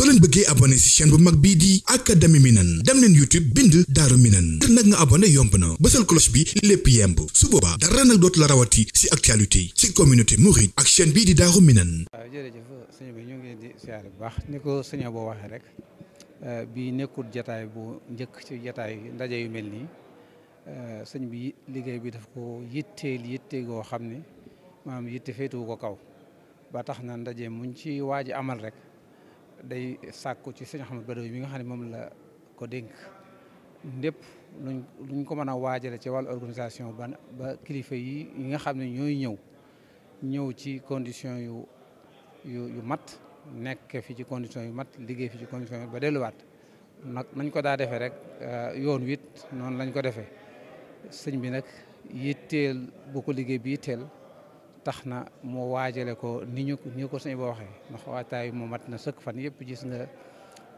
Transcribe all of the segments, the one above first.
soo leen bëggee abonné ci chaîne bu mag bii di Académie Minane dem leen YouTube bind Daaru Minane ngir nag nga abonné yomb na bësal cloche bi lépp yemb su boobaa dara nag dootu la rawati ci actualité ci communauté mouride ak chaîne bii di Daaru Minane. waaw jërëjëf sëñ bi ñu ngi di siyaare bu baax ni ko sëñ boo waxee euh, bi nekkul jataay bu njëkk ci jataay ndaje yu mel nii euh, sëñ bi liggéey bi daf ko yitteel yitte goo xam ne maanaam yitte féetuwu ko kaw ba tax na ndaje muñ ci waaj amal rek. day sàkku ci sëñ ba Badawi bi nga xam ne moom la ko dénk ndépp luñ luñ ko mën a waajale ci wàll organisation ba ba kilifa yi yi nga xam ne ñooy ñëw ñëw ci condition yu yu yu mat nekke fi ci condition yu mat liggéey fi ci condition yu ba delluwaat nag nañ ko daa defee rek euh, yoon wit noonu lañ ko defee sëñ bi nag yitteel boo ko liggéey bi yitteel tax na mu waajale ko ni ñu ko sëñ boo waxee ndax waataay mu mat na sëkk fan yëpp gis nga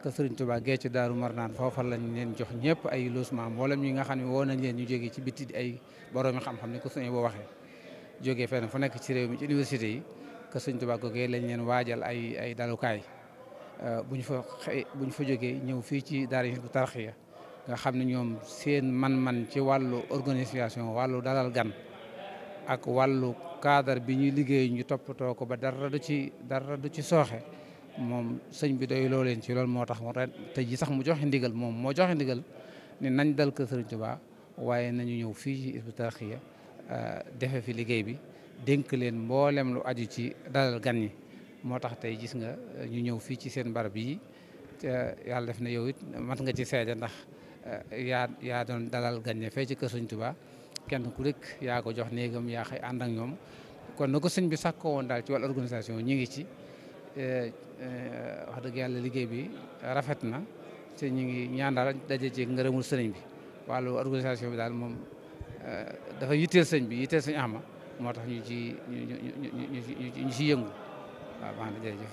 kër Sëriñ Tuubaa Géej Daaru Marnaan foofa lañ leen jox ñëpp ay logement mboolem ñi nga xam ne woo nañ leen ñu jógee ci biti ay boroomi xam-xam ni ko sëñ boo waxee jógee fenn fu nekk ci réew mi ci université yi kër Sëriñ Tuubaa lañ leen waajal ay ay dalukaay euh, bu ñu fa xëy bu fa jógee ñëw fii ci daara yi bu tarxiya nga xam ne ñoom seen man-man ci wàllu organisation wàllu dalal gan ak wàllu cadre bi ñuy liggéey ñu toppatoo ko ba dara du ci dara du ci sooxe moom sëñ bi doy loo leen ci lool moo tax mu ren te jii sax mu joxe ndigal moom moo joxe ndigal ne nañ dal kër Sëriñ Tuubaa waaye nañu ñëw fii ci Hizbut Tarqiyyah euh, defe fi liggéey bi dénk leen mboolem lu aju ci dalal gan moo tax tey gis nga euh, ñu ñëw fii ci seen barab yi euh, yàlla def na yow it mat nga ci seede ndax yaa yaa doon dalal gan ñi fee ci kër Sëriñ Tuubaa kenn ku rek yaa ko jox néegam yaa xëy ànd ak ñoom kon na ko sëñ bi sàkkoo woon daal ci wàllu organisation ñi ngi ci eh, eh, wax dëgg yàlla liggéey bi rafet na te ñu ngi ñaan daal daje ci ngërëmul sëriñ bi wàllu organisation bi daal moom eh, dafa yitteel sëñ bi yitteel sëñ ama moo tax ñu ci ñu ci ñu ci yëngu waaw baax na jërëjëf